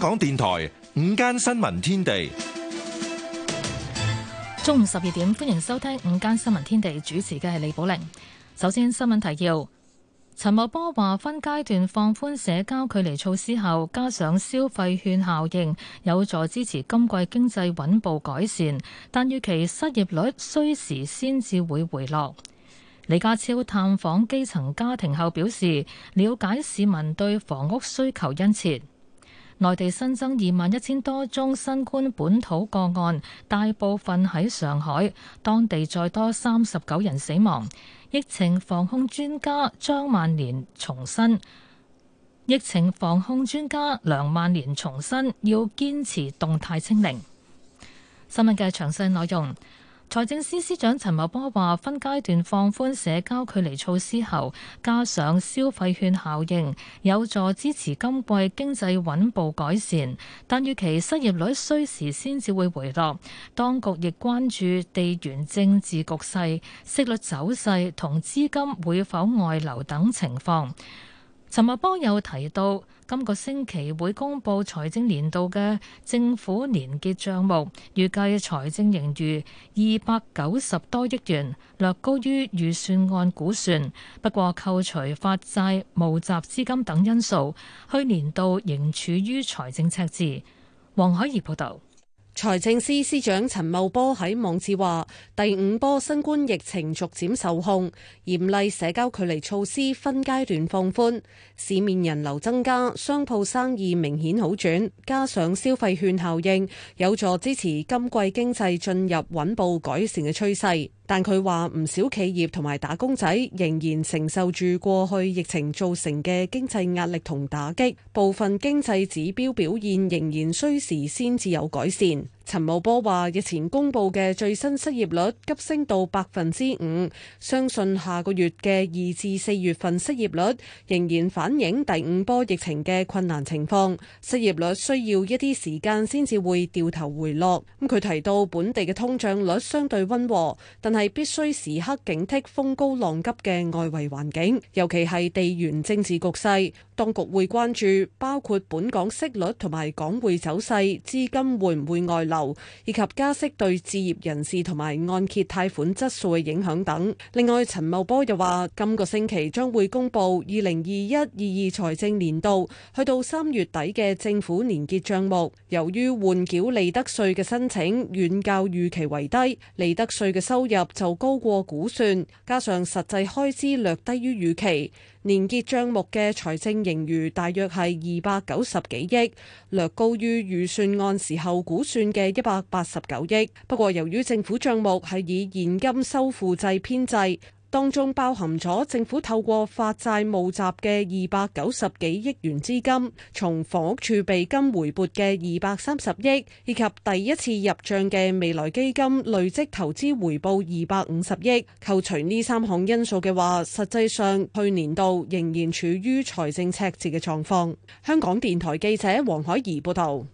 香港電台午間新聞天地。中午十二點，歡迎收聽午間新聞天地。主持嘅係李寶玲。首先，新聞提要：陳茂波話，分階段放寬社交距離措施後，加上消費券效應，有助支持今季經濟穩步改善，但預期失業率需時先至會回落。李家超探訪基層家庭後表示，了解市民對房屋需求殷切。內地新增二萬一千多宗新冠本土個案，大部分喺上海。當地再多三十九人死亡。疫情防控專家張萬年重申，疫情防控專家梁萬年重申，要堅持動態清零。新聞嘅詳細內容。財政司司長陳茂波話：分階段放寬社交距離措施後，加上消費券效應，有助支持今季經濟穩步改善。但預期失業率需時先至會回落。當局亦關注地緣政治局勢、息率走勢同資金會否外流等情況。陳茂波又提到：今個星期會公布財政年度嘅政府年結帳目，預計財政盈餘二百九十多億元，略高於預算案估算。不過扣除發債、募集資金等因素，去年度仍處於財政赤字。黃海怡報道。財政司司長陳茂波喺網誌話：第五波新冠疫情逐漸受控，嚴厲社交距離措施分階段放寬，市面人流增加，商鋪生意明顯好轉，加上消費券效應，有助支持今季經濟進入穩步改善嘅趨勢。但佢話唔少企業同埋打工仔仍然承受住過去疫情造成嘅經濟壓力同打擊，部分經濟指標表現仍然需時先至有改善。陳茂波話：日前公布嘅最新失業率急升到百分之五，相信下個月嘅二至四月份失業率仍然反映第五波疫情嘅困難情況，失業率需要一啲時間先至會掉頭回落。咁佢提到本地嘅通脹率相對溫和，但係必須時刻警惕風高浪急嘅外圍環境，尤其係地緣政治局勢。當局會關注包括本港息率同埋港匯走勢、資金會唔會外流，以及加息對置業人士同埋按揭貸款質素嘅影響等。另外，陳茂波又話：今個星期將會公布二零二一二二財政年度去到三月底嘅政府年結帳目。由於換繳利得稅嘅申請遠較預期為低，利得稅嘅收入就高過估算，加上實際開支略低於預期。年結帳目嘅財政盈餘大約係二百九十幾億，略高於預算案時候估算嘅一百八十九億。不過，由於政府帳目係以現金收付制編制。當中包含咗政府透過發債募集嘅二百九十幾億元資金，從房屋儲備金回撥嘅二百三十億，以及第一次入帳嘅未來基金累積投資回報二百五十億。扣除呢三項因素嘅話，實際上去年度仍然處於財政赤字嘅狀況。香港電台記者黃海怡報道。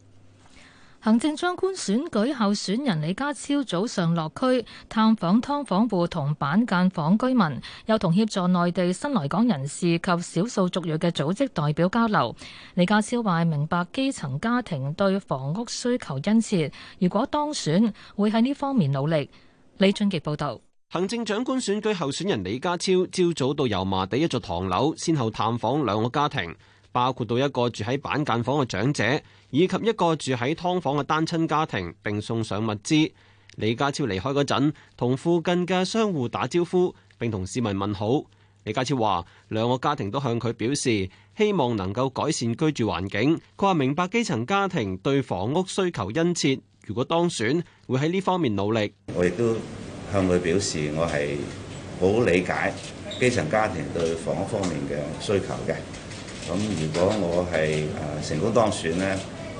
行政長官選舉候選人李家超早上落區探訪劏房戶同板間房居民，又同協助內地新來港人士及少數族裔嘅組織代表交流。李家超話明白基層家庭對房屋需求殷切，如果當選會喺呢方面努力。李俊杰報道，行政長官選舉候選人李家超朝早到油麻地一座唐樓，先後探訪兩個家庭。包括到一個住喺板間房嘅長者，以及一個住喺劏房嘅單親家庭，並送上物資。李家超離開嗰陣，同附近嘅商戶打招呼，並同市民問好。李家超話兩個家庭都向佢表示，希望能夠改善居住環境。佢話明白基層家庭對房屋需求殷切，如果當選會喺呢方面努力。我亦都向佢表示，我係好理解基層家庭對房屋方面嘅需求嘅。咁如果我係誒成功當選呢，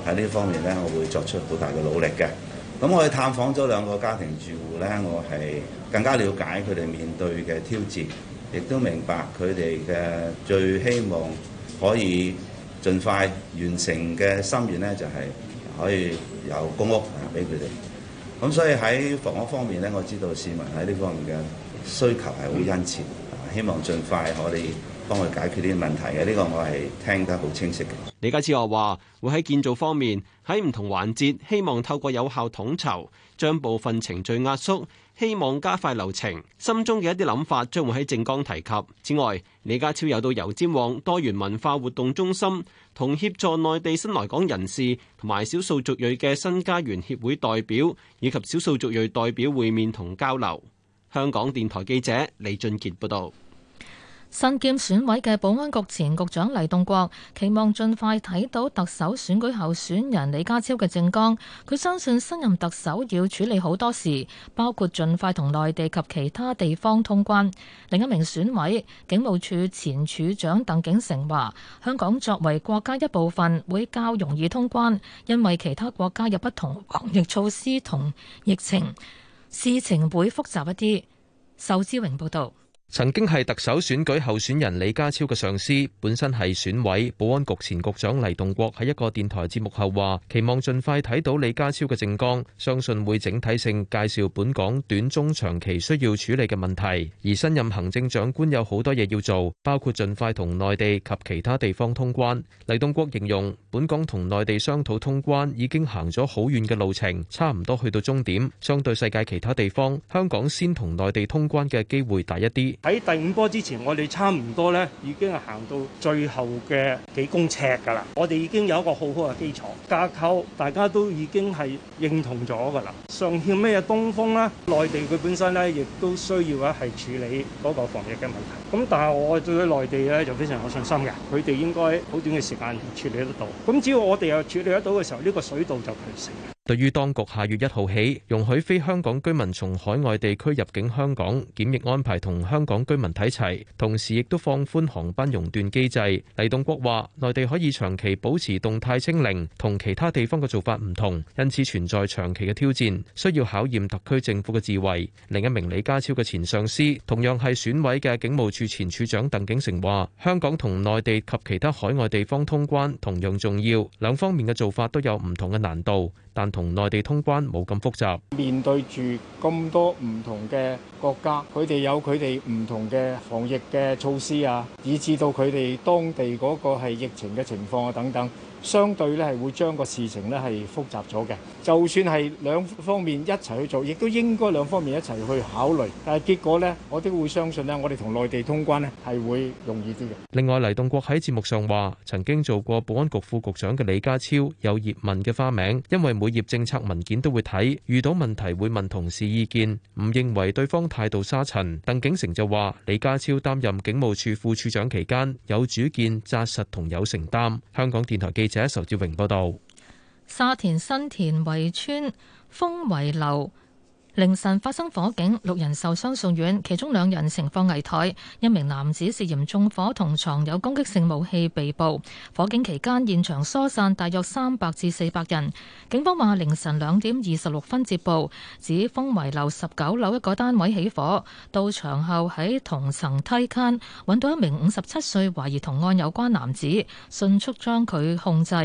喺呢方面呢，我會作出好大嘅努力嘅。咁我去探訪咗兩個家庭住戶呢，我係更加了解佢哋面對嘅挑戰，亦都明白佢哋嘅最希望可以盡快完成嘅心願呢，就係、是、可以有公屋啊俾佢哋。咁所以喺房屋方面呢，我知道市民喺呢方面嘅需求係好殷切，希望盡快可以。幫佢解決呢啲問題嘅呢個，我係聽得好清晰嘅。李家超又話：會喺建造方面喺唔同環節，希望透過有效統籌，將部分程序壓縮，希望加快流程。心中嘅一啲諗法將會喺政綱提及。此外，李家超又到油尖旺多元文化活動中心，同協助內地新來港人士同埋少數族裔嘅新家園協會代表以及少數族裔代表會面同交流。香港電台記者李俊傑報導。身兼選委嘅保安局前局長黎棟國期望盡快睇到特首選舉候選人李家超嘅政綱。佢相信新任特首要處理好多事，包括盡快同內地及其他地方通關。另一名選委警務處前處長鄧景成話：香港作為國家一部分，會較容易通關，因為其他國家有不同防疫措施同疫情，事情會複雜一啲。仇志榮報導。曾經係特首選舉候選人李家超嘅上司，本身係選委、保安局前局長黎棟國喺一個電台節目後話：期望盡快睇到李家超嘅政綱，相信會整體性介紹本港短中長期需要處理嘅問題。而新任行政長官有好多嘢要做，包括盡快同內地及其他地方通關。黎棟國形容本港同內地商討通關已經行咗好遠嘅路程，差唔多去到終點。相對世界其他地方，香港先同內地通關嘅機會大一啲。喺第五波之前，我哋差唔多呢已經係行到最後嘅幾公尺㗎啦。我哋已經有一個好好嘅基礎架構，大家都已經係認同咗㗎啦。尚欠咩嘢東風啦？內地佢本身呢亦都需要啊，係處理嗰個防疫嘅問題。咁但係我對內地呢就非常有信心嘅，佢哋應該好短嘅時間處理得到。咁只要我哋又處理得到嘅時候，呢個水到渠成。對於當局下月一號起容許非香港居民從海外地區入境香港檢疫安排同香港居民睇齊，同時亦都放寬航班熔斷機制。黎棟國話：內地可以長期保持動態清零，同其他地方嘅做法唔同，因此存在長期嘅挑戰，需要考驗特區政府嘅智慧。另一名李家超嘅前上司，同樣係選委嘅警務處前處長鄧景成話：香港同內地及其他海外地方通關同樣重要，兩方面嘅做法都有唔同嘅難度。但同內地通關冇咁複雜。面對住咁多唔同嘅國家，佢哋有佢哋唔同嘅防疫嘅措施啊，以至到佢哋當地嗰個係疫情嘅情況啊等等。相對咧係會將個事情呢係複雜咗嘅，就算係兩方面一齊去做，亦都應該兩方面一齊去考慮。但係結果呢，我都會相信呢，我哋同內地通關呢係會容易啲嘅。另外，黎棟國喺節目上話，曾經做過保安局副局長嘅李家超有葉問嘅花名，因為每頁政策文件都會睇，遇到問題會問同事意見，唔認為對方態度沙塵。鄧景成就話，李家超擔任警務處副處長期間，有主見、紮實同有承擔。香港電台記者。記者仇志榮報道：沙田新田圍村豐圍樓。凌晨發生火警，六人受傷送院，其中兩人情況危殆。一名男子涉嫌縱火同藏有攻擊性武器被捕。火警期間，現場疏散大約三百至四百人。警方話凌晨兩點二十六分接報，指封圍樓十九樓一個單位起火。到場後喺同層梯間搵到一名五十七歲懷疑同案有關男子，迅速將佢控制，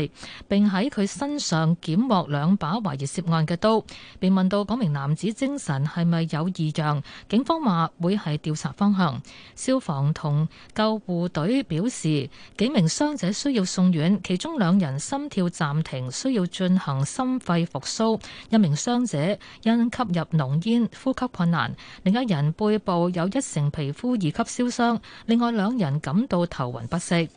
並喺佢身上檢獲兩把懷疑涉案嘅刀。被問到嗰名男子，精神係咪有異樣？警方話會係調查方向。消防同救護隊表示，幾名傷者需要送院，其中兩人心跳暫停，需要進行心肺復蘇。一名傷者因吸入濃煙，呼吸困難；另一人背部有一成皮膚二級燒傷。另外兩人感到頭暈不適。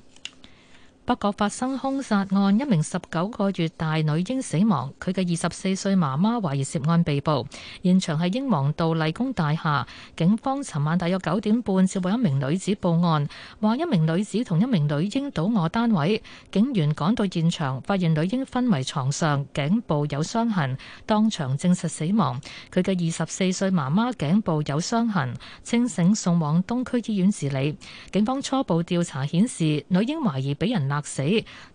北角發生兇殺案，一名十九個月大女嬰死亡，佢嘅二十四歲媽媽懷疑涉案被捕。現場係英皇道麗宮大廈，警方尋晚大約九點半接獲一名女子報案，話一名女子同一名女嬰倒卧單位，警員趕到現場，發現女嬰昏迷床上，頸部有傷痕，當場證實死亡。佢嘅二十四歲媽媽頸部有傷痕，清醒送往東區醫院治理。警方初步調查顯示，女嬰懷疑俾人勒死，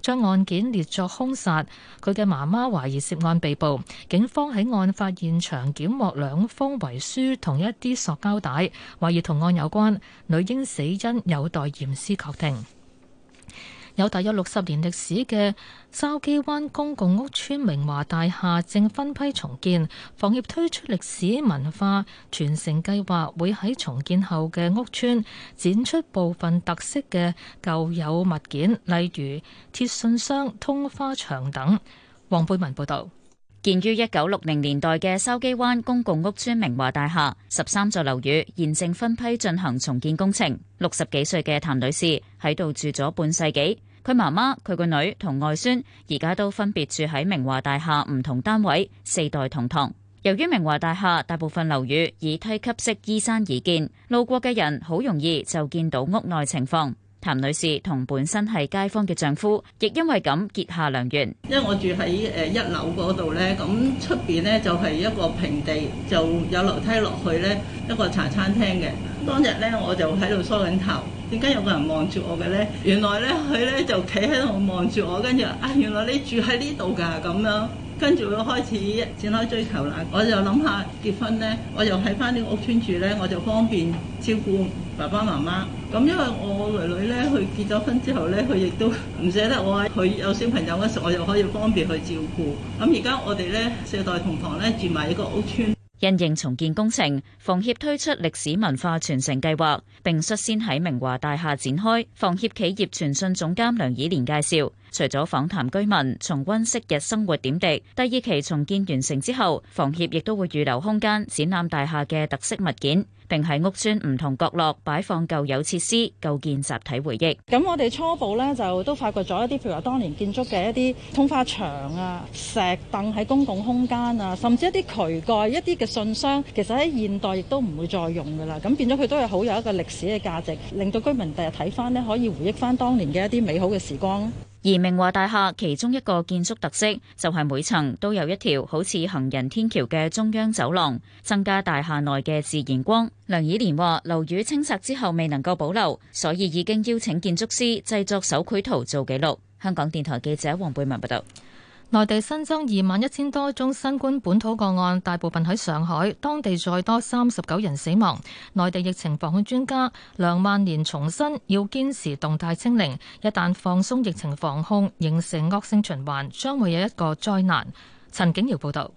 將案件列作兇殺，佢嘅媽媽懷疑涉案被捕，警方喺案發現場檢獲兩封遺書同一啲塑膠帶，懷疑同案有關，女嬰死因有待驗屍確定。有大約六十年歷史嘅筲箕灣公共屋邨明華大廈正分批重建，房協推出歷史文化傳承計劃，會喺重建後嘅屋邨展出部分特色嘅舊有物件，例如鐵信箱、通花牆等。黃貝文報導，建於一九六零年代嘅筲箕灣公共屋邨明華大廈十三座樓宇現正分批進行重建工程。六十幾歲嘅譚女士喺度住咗半世紀。佢媽媽、佢個女同外孫而家都分別住喺明華大廈唔同單位，四代同堂。由於明華大廈大部分樓宇以梯級式依山而建，路過嘅人好容易就見到屋內情況。譚女士同本身係街坊嘅丈夫，亦因為咁結下良緣。因為我住喺誒一樓嗰度呢，咁出邊呢就係一個平地，就有樓梯落去呢，一個茶餐廳嘅。當日咧，我就喺度梳緊頭，點解有個人望住我嘅咧？原來咧，佢咧就企喺度望住我，跟住啊，原來你住喺呢度㗎咁樣。跟住我開始展開追求啦。我就諗下結婚咧，我就喺返呢個屋村住咧，我就方便照顧爸爸媽媽。咁因為我女女咧，佢結咗婚之後咧，佢亦都唔捨得我，佢有小朋友嘅時候，我又可以方便去照顧。咁而家我哋咧四代同堂咧，住埋一個屋村。因應重建工程，房協推出歷史文化傳承計劃，並率先喺明華大廈展開。房協企業傳訊總監梁以廉介紹。除咗訪談居民，重温昔日生活點滴，第二期重建完成之後，房協亦都會預留空間展覽大廈嘅特色物件，並喺屋村唔同角落擺放舊有設施，構建集體回憶。咁我哋初步呢就都發掘咗一啲，譬如話當年建築嘅一啲通花牆啊、石凳喺公共空間啊，甚至一啲渠蓋、一啲嘅信箱，其實喺現代亦都唔會再用噶啦。咁變咗佢都係好有一個歷史嘅價值，令到居民第日睇翻呢可以回憶翻當年嘅一啲美好嘅時光。而明華大廈其中一個建築特色就係、是、每層都有一條好似行人天橋嘅中央走廊，增加大廈內嘅自然光。梁以廉話：樓宇清拆之後未能夠保留，所以已經邀請建築師製作手繪圖做記錄。香港電台記者黃貝文報道。內地新增二萬一千多宗新冠本土個案，大部分喺上海。當地再多三十九人死亡。內地疫情防控專家梁萬年重申，要堅持動態清零，一旦放鬆疫情防控，形成惡性循環，將會有一個災難。陳景堯報道。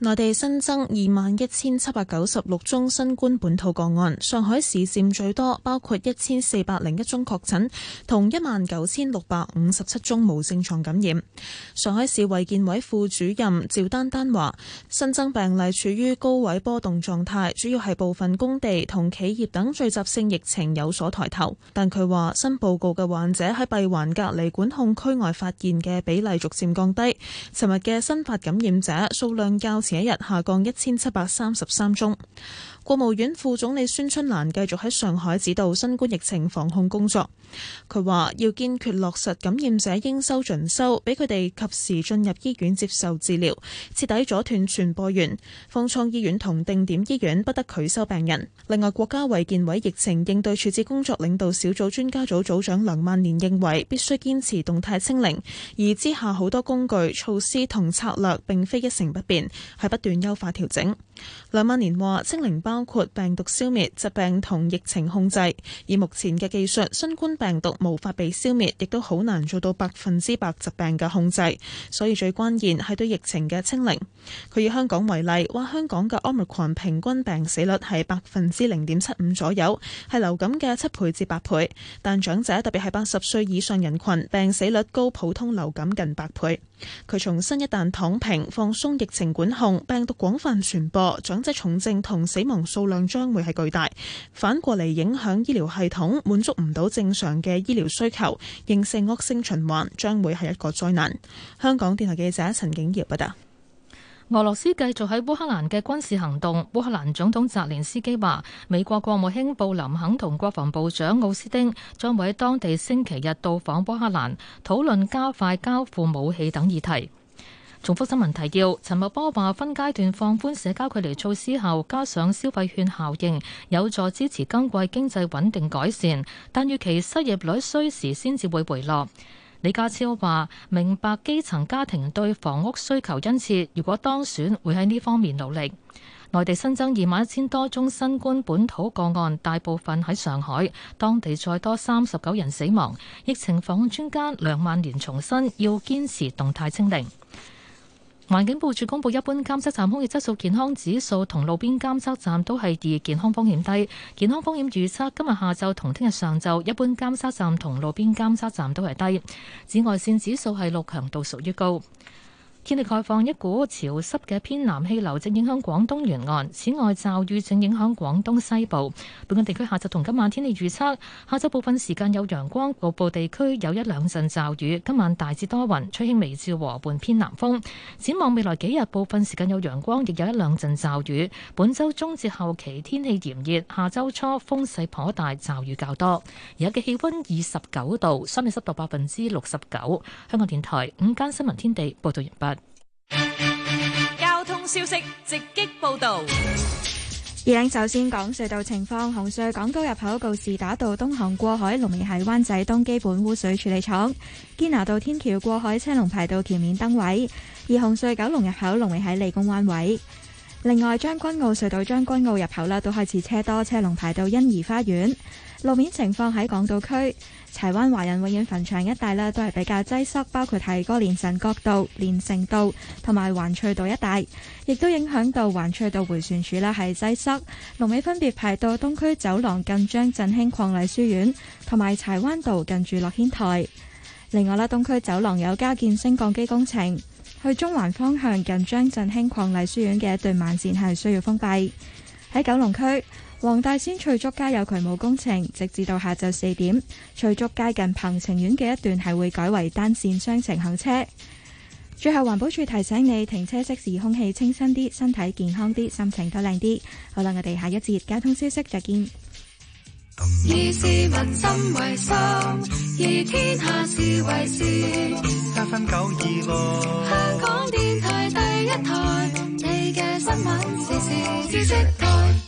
內地新增二萬一千七百九十六宗新冠本土個案，上海市佔最多，包括一千四百零一宗確診，同一萬九千六百五十七宗無症狀感染。上海市衛健委副主任趙丹丹話：新增病例處於高位波動狀態，主要係部分工地同企業等聚集性疫情有所抬頭。但佢話新報告嘅患者喺閉環隔離管控區外發現嘅比例逐漸降低。尋日嘅新發感染者數量較前一日下降一千七百三十三宗。國務院副總理孫春蘭繼續喺上海指導新冠疫情防控工作。佢話要堅決落實感染者應收盡收，俾佢哋及時進入醫院接受治療，徹底阻斷傳播源。方艙醫院同定點醫院不得拒收病人。另外，國家衛健委疫情應對處置工作領導小組專家組組，組，組長梁萬年認為，必須堅持動態清零，而之下好多工具、措施同策略並非一成不變，係不斷優化調整。梁萬年話，清零包括病毒消滅、疾病同疫情控制。以目前嘅技術，新冠病毒無法被消滅，亦都好難做到百分之百疾病嘅控制。所以最關鍵係對疫情嘅清零。佢以香港為例，話香港嘅 Omicron 平均病死率係百分之零點七五左右，係流感嘅七倍至八倍。但長者，特別係八十歲以上人群，病死率高普通流感近百倍。佢重新一旦躺平，放鬆疫情管控，病毒廣泛傳播，長者重症同死亡數量將會係巨大，反過嚟影響醫療系統，滿足唔到正常嘅醫療需求，形成惡性循環，將會係一個災難。香港電台記者陳景瑤報道。俄羅斯繼續喺烏克蘭嘅軍事行動，烏克蘭總統澤連斯基話，美國國務卿布林肯同國防部長奧斯丁將會喺當地星期日到訪烏克蘭，討論加快交付武器等議題。重複新聞提要：陳茂波話分階段放寬社交距離措施後，加上消費券效應，有助支持今季經濟穩定改善。但預期失業率需時先至會回落。李家超話明白基層家庭對房屋需求殷切，如果當選會喺呢方面努力。內地新增二萬一千多宗新冠本土個案，大部分喺上海，當地再多三十九人死亡。疫情防控專家梁萬年重申要堅持動態清零。環境部署公佈一般監測站空氣質素健康指數同路邊監測站都係二，健康風險低，健康風險預測今日下晝同聽日上晝，一般監測站同路邊監測站都係低，紫外線指數係六，強度屬於高。天氣概況，一股潮濕嘅偏南氣流正影響廣東沿岸，此外驟雨正影響廣東西部。本港地區下晝同今晚天氣預測，下晝部分時間有陽光，局部地區有一兩陣驟雨。今晚大致多雲，吹輕微至和緩偏南風。展望未來幾日，部分時間有陽光，亦有一兩陣驟雨。本週中至後期天氣炎熱，下周初風勢頗大，驟雨較多。而家嘅氣温二十九度，相對濕度百分之六十九。香港電台午間新聞天地報道完畢。交通消息直擊報道。而首先講隧道情況，紅隧港島入口告士打道東行過海，龍尾喺灣仔東基本污水處理廠；堅拿道天橋過海，車龍排到橋面燈位。而紅隧九龍入口龍尾喺利工灣位。另外，將軍澳隧道將軍澳入口啦，都開始車多，車龍排到欣怡花園。路面情況喺港島區。柴灣華人永遠墳場一帶咧都係比較擠塞，包括係嗰個連城角道、連城道同埋環翠道一帶，亦都影響到環翠道回旋處咧係擠塞。龍尾分別排到東區走廊近張振興伉儷書院同埋柴灣道近住樂軒台。另外啦，東區走廊有加建升降機工程，去中環方向近張振興伉儷書院嘅一段慢線係需要封閉。喺九龍區。黃大仙翠竹街有渠務工程，直至到下晝四點。翠竹街近鵬程苑嘅一段係會改為單線雙程行車。最後環保署提醒你，停車熄匙，空氣清新啲，身體健康啲，心情都靚啲。好啦，我哋下一節交通消息再見。以市民心為心，以天下事為事。FM 九二六香港電台第一台，你嘅新聞時事資訊台。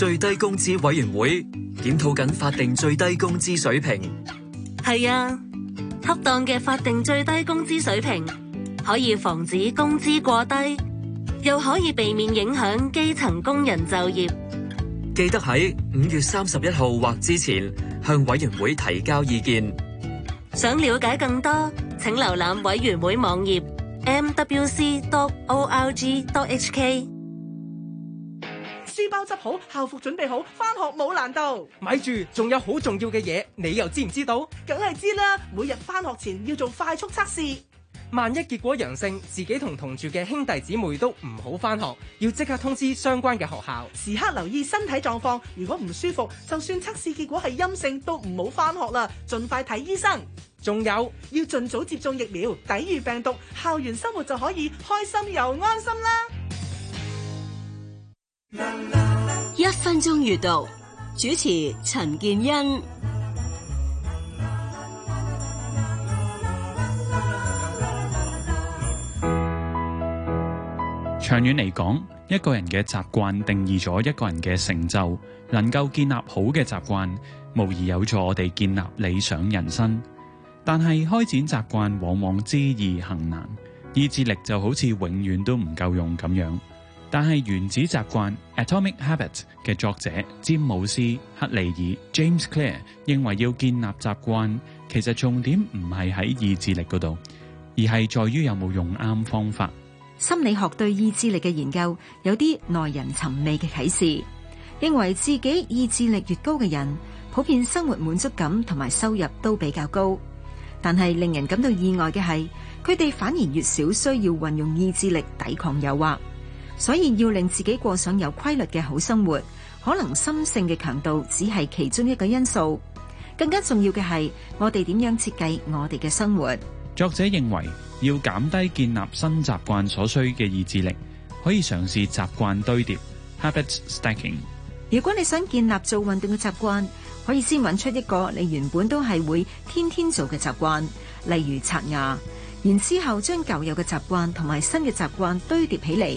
最低工資委員會檢討緊法定最低工資水平，係啊，恰當嘅法定最低工資水平可以防止工資過低，又可以避免影響基層工人就業。記得喺五月三十一號或之前向委員會提交意見。想了解更多，請瀏覽委員會網頁 mwc mwc.org.hk 書包執好，校服準備好，翻學冇難度。咪住，仲有好重要嘅嘢，你又知唔知道？梗係知啦！每日翻學前要做快速測試，萬一結果陽性，自己同同住嘅兄弟姊妹都唔好翻學，要即刻通知相關嘅學校。時刻留意身體狀況，如果唔舒服，就算測試結果係陰性都唔好翻學啦，盡快睇醫生。仲有，要盡早接種疫苗，抵禦病毒，校園生活就可以開心又安心啦。一分鐘閱讀，主持陳建恩。長遠嚟講，一個人嘅習慣定義咗一個人嘅成就。能夠建立好嘅習慣，無疑有助我哋建立理想人生。但係開展習慣，往往知易行難，意志力就好似永遠都唔夠用咁樣。但係原子習慣 Atomic Habits 嘅作者詹姆斯克里爾 James Clear 認為要建立習慣，其實重點唔係喺意志力嗰度，而係在於有冇用啱方法。心理學對意志力嘅研究有啲耐人尋味嘅啟示，認為自己意志力越高嘅人，普遍生活滿足感同埋收入都比較高。但係令人感到意外嘅係，佢哋反而越少需要運用意志力抵抗誘惑。所以要令自己過上有規律嘅好生活，可能心性嘅強度只係其中一個因素，更加重要嘅係我哋點樣設計我哋嘅生活。作者認為要減低建立新習慣所需嘅意志力，可以嘗試習慣堆疊 （habits t a c k i n g 如果你想建立做運動嘅習慣，可以先揾出一個你原本都係會天天做嘅習慣，例如刷牙，然之後將舊有嘅習慣同埋新嘅習慣堆疊起嚟。